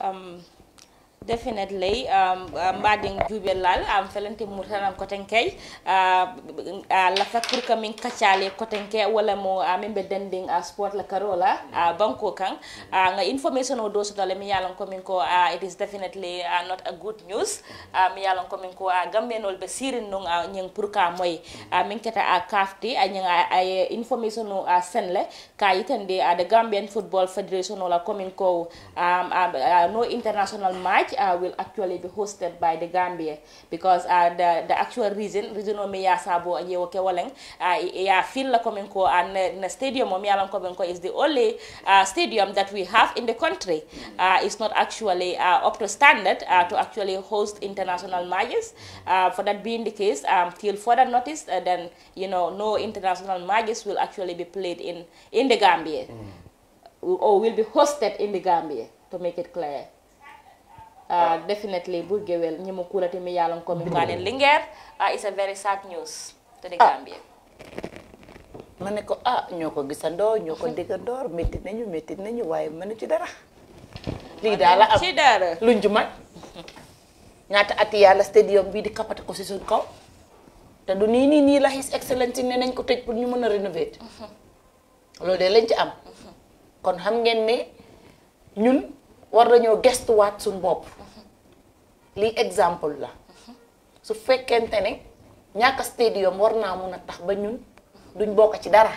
Um, definitely um, uh, um, mbaɗen juuɓellal um, felante mum tan an coten key uh, uh, lafa pour que min kaccale coten ke sport la karola uh, banko kan uh, ga information o ko uh, it uh, a good news uh, mi yalan komin ko uh, gambenol ɓe uh, ka moye uh, min keta a uh, a ñing uh, information o senle ka yitande uh, the gambian football federation ola ko um, uh, no international match match uh, will actually be hosted by the Gambia because uh, the, the actual reason reason o mi yasabo yewo ke waleng uh, ya feel la komen ko and the uh, stadium o mi yalan ko ko is the only uh, stadium that we have in the country uh, it's not actually uh, up to standard uh, to actually host international matches uh, for that being the case um, till further notice uh, then you know no international matches will actually be played in in the Gambia mm. or will be hosted in the Gambia to make it clear Uh, definitely burgewel ñimu kulati mi yalla ko mi ngane linger ah is a very sad news to the ah. gambia mané ko ah ñoko gisando ñoko digandor metti nañu metti nañu waye mané ci dara li dala ci dara luñ ju mat ñata ati yalla stadium bi di kapata ko ci sun ko te du ni ni ni la his excellence ne nañ ko tej pour ñu mëna renovate mhm. lo de lañ ci am mhm. kon xam ngeen ne ñun war nañoo wat sun bop li example la su fekente ne ñaka stadium war na mëna tax ba ñun duñ bok ci dara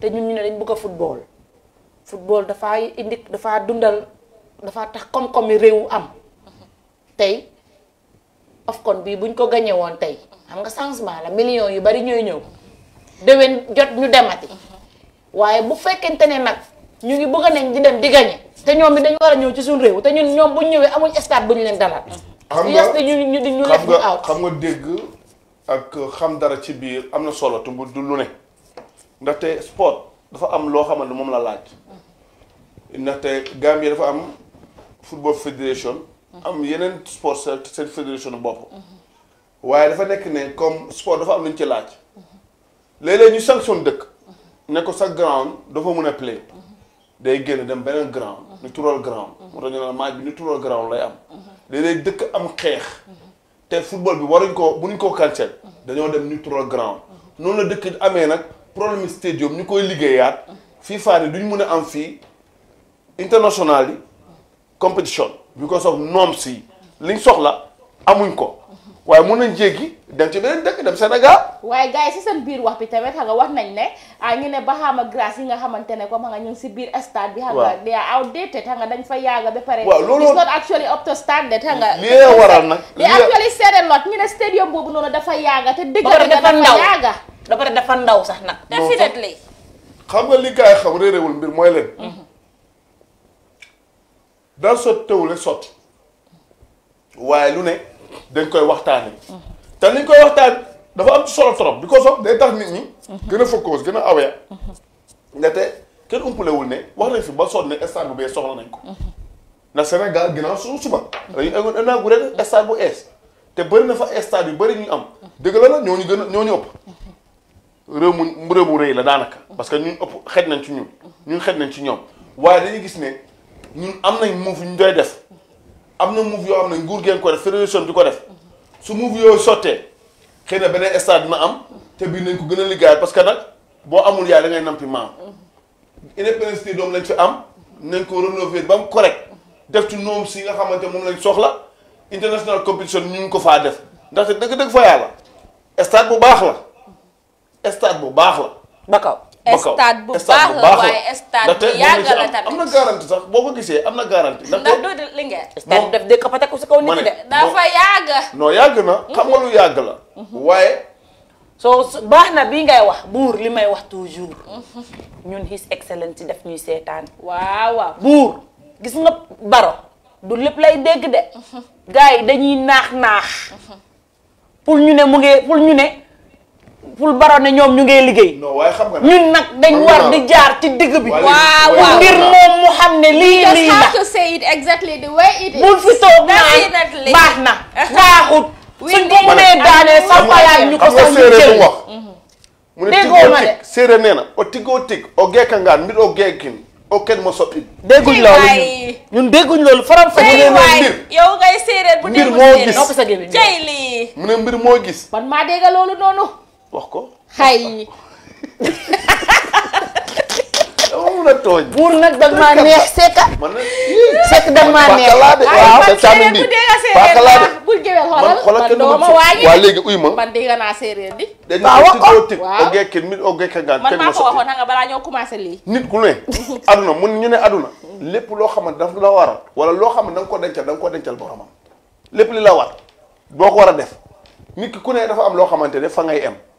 té ñun ñu né dañ bëgg football football dafa indi dafa dundal dafa tax kom kom yi rew am of kon bi buñ ko gagné won tay xam nga changement la million yu bari ñoy ñew dewen jot ñu demati mhm. waye bu fekente ne nak ñu ngi bëgg nañ di dem di gañe te ñoom bi dañu war a ñëw ci suñu réew te ñun ñoom bu ñu ñëwee amuñ stade bu ñu leen dalal. xam nga ñu ñu ñu lef ñu aw xam nga dégg ak xam dara ci biir am na solo te du lu ne ndaxte sport dafa am loo xamal xamante moom la laaj ndaxte Gambie dafa am football fédération. am yeneen sport seen fédération bopp. waaye dafa nekk ne comme sport dafa am nañ ci laaj. léeg-léeg ñu sanction dëkk. ne ko sa ground dafa mën a play. day génn dem beneen ground ñu tural ground moo tax ñu ne match bi ñu tural ground lay am léeg-léeg dëkk am xeex te football bi waruñ bu nuñ ko cancel dañoo dem ñu ground noonu la dëkk amee nag problème stadium ñu koy liggéeyaat FIFA ni duñ mun a am fii international yi compétition because of norms yi liñ soxla amuñ ko waaye mun nañ jéggi dem ci beneen dëkk waaye gars yi si biir wax bi tamit xam nga wax ne ah ñu ne Bahama Grass yi nga xamante ne comme xam nga si biir stade bi. xam dañ fa yaaga ba pare. waaw loolu it's not actually up to standard a lot ñu ne stadium boobu noonu dafa yaaga te dëgg la dafa yaaga ba pare dafa ndaw sax nag. definitely xam nga li gars yi xam réeréewul mbir mooy leen. Mhm. daal sotti teewule sotti waaye lu ne dañ koy waxtaanee. Mhm. te li ñu koy waxtaan dafa am ci solo trop bi ko soog day tax nit ñi. gën a focus gën a awee. ndaxte kenn umpalewul ne wax nañ fi ba sonn ne stade bu bees soxla nañ ko. ndax Sénégal ginnaaw su suba. dañuy inauguré stade bu ees te bëri na fa stade yu bëri ñu am. dëgg la la ñoo ñu gën a ñoo ñu ëpp. réew mu réew mu rëy la daanaka. parce que ñun ëpp xej nañ ci ñun. ñun xej nañ ci ñoom. waaye dañuy gis ne ñun am nañ move ñu doy def. am na move yoo xam ne nguur geen ko def fédération di ko def. su move yooyu sottee xëy na beneen stade dina am te bii nañ ko gën a liggéeyaat parce que nag boo amul yaay da ngay nampi maam indépendance doom lañ fi am nañ ko rénover ba mu correct def ci noom si nga xamante moom lañ soxla international compétition ñu ngi ko faa def ndaxte dëgg-dëgg fa yàlla stade bu baax la stade bu baax la. stade bu baax la waaye stade bu yàgg la tamit am na garanti sax boo ko gisee am na garanti. ndax doo di Linguère. stade mhm. mhm. mhm. def dëkk fa teg ko si kaw nit ñi de. dafa yàgg. non yàgg na xam nga lu yàgg la. waaye. soo baax na bii ngay wax buur li may wax toujours. ñun his excellence daf ñuy seetaan. waaw waaw buur gis nga baro. du lépp lay dégg de. gars yi dañuy naax naax. pour ñu ne mu ngi pour ñu ne. pour baro ne ñoom ñu ngi liggéey. non waaye xam nga ñun nag dañ war di jaar ci digg bi. waaw waaw ngir moom mu xam ne lii lii la. to say it fi toog baax na uh-huh. baaxut. suñ ko mënee daanee sampalaat ñu ko mm-hmm. mu ne déggoo séeréer nee na o tigoo tig o geekangaan mbir o geekin o kenn ma soppi. dégguñ loolu ñun dégguñ loolu faram fa ñu ne mbir yow ngay séeréer bu dee mbir moo gis mbir moo gis. mu ne mbir moo gis. man maa dégg loolu wax ko. xay. dama mun a tooñ. buur nag da maa neex sekk. man nag sekk da maa neex. waaw man séeréer bu dee nga séeréer bu géwél xoolal man doo ma waaye. waaw léegi naa séeréer di. waaw wax ko waaw dañu ko nit au gekk ngaan man maa ko waxoon nga balaa ñoo commencé lii. nit ku ne. aduna mun ñu ne aduna. lépp loo xam ne daf la waral a. wala loo xam ne da nga ko dencal da ko dencal boromam. lépp li la war boo ko war a def nit ki ku ne dafa am loo xamante ne fa ngay em